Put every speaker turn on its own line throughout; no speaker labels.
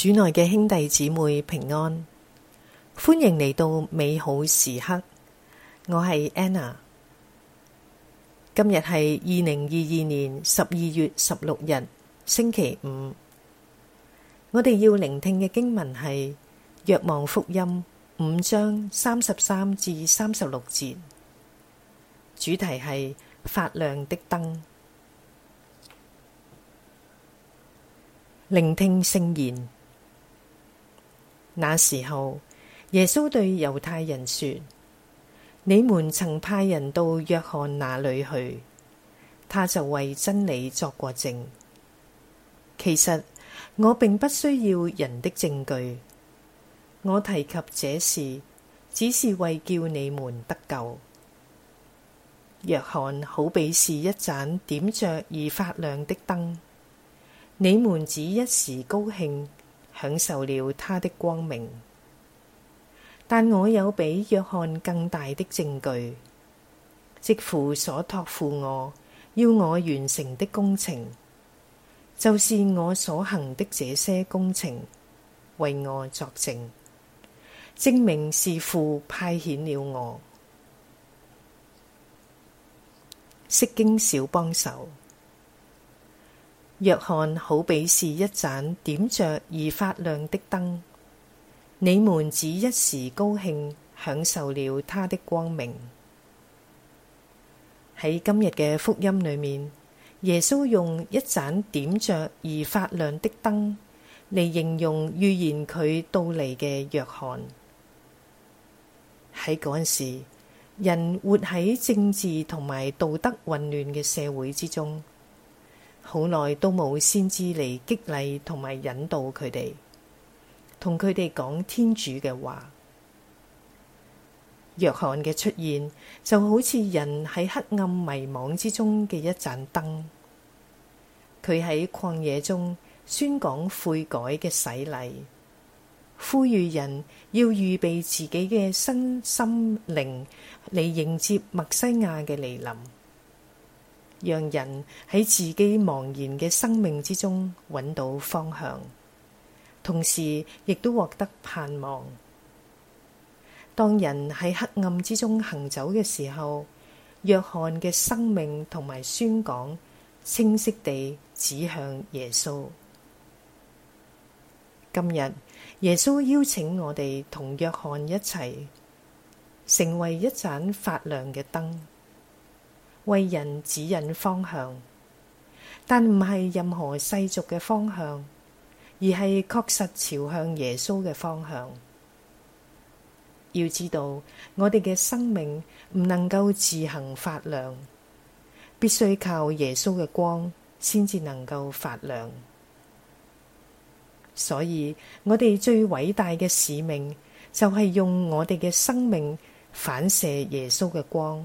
主內嘅兄弟姊妹平安，歡迎嚟到美好時刻。我係 Anna，今日係二零二二年十二月十六日星期五。我哋要聆聽嘅經文係《若望福音》五章三十三至三十六節，主題係發亮的燈。聆聽聖言。那時候，耶穌對猶太人說：你們曾派人到若翰那裡去，他就為真理作過證。其實我並不需要人的證據，我提及這事，只是為叫你們得救。若翰好比是一盞點着而發亮的燈，你們只一時高興，享受了他的光明，但我有比若翰更大的證據，即父所託付我要我完成的工程，就是我所行的這些工程，為我作證，證明是父派遣了我。釋經小幫手。若翰好比是一盞點着而發亮的燈，你們只一時高興享受了他的光明。喺今日嘅福音裏面，耶穌用一盞點着而發亮的燈嚟形容預言佢到嚟嘅若翰。喺嗰陣時，人活喺政治同埋道德混亂嘅社會之中，好耐都冇先知嚟激勵同埋引導佢哋，同佢哋講天主嘅話。若翰嘅出現就好似人喺黑暗迷惘之中嘅一盞燈，佢喺曠野中宣講悔改嘅洗禮，呼籲人要預備自己嘅身心靈嚟迎接默西亞嘅嚟臨。讓人喺自己茫然嘅生命之中搵到方向，同時亦都獲得盼望。當人喺黑暗之中行走嘅時候，若翰嘅生命同埋宣講，清晰地指向耶穌。今日耶穌邀請我哋同若翰一齊，成為一盞發亮嘅燈。為人指引方向，但唔係任何世俗嘅方向，而係確實朝向耶穌嘅方向。要知道，我哋嘅生命唔能夠自行發亮，必須靠耶穌嘅光先至能夠發亮。所以我哋最偉大嘅使命，就係用我哋嘅生命反射耶穌嘅光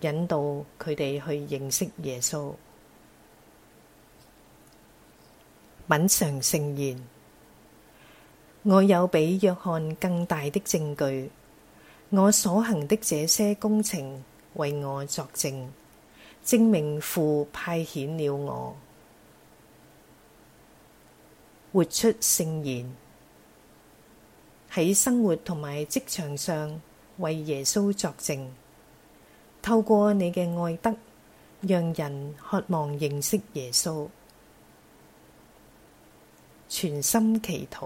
引導佢哋去認識耶穌，品嘗聖言。我有比若翰更大的證據，我所行的這些工程，為我作證，證明父派遣了我，活出聖言，喺生活同埋職場上為耶穌作證。透過你嘅愛德，讓人渴望認識耶穌。全心祈禱，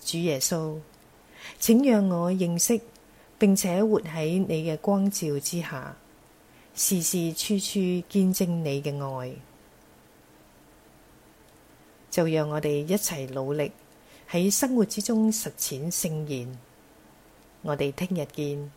主耶穌，請讓我認識，並且活喺你嘅光照之下，時時處處見證你嘅愛。就讓我哋一齊努力喺生活之中實踐聖言。我哋聽日見。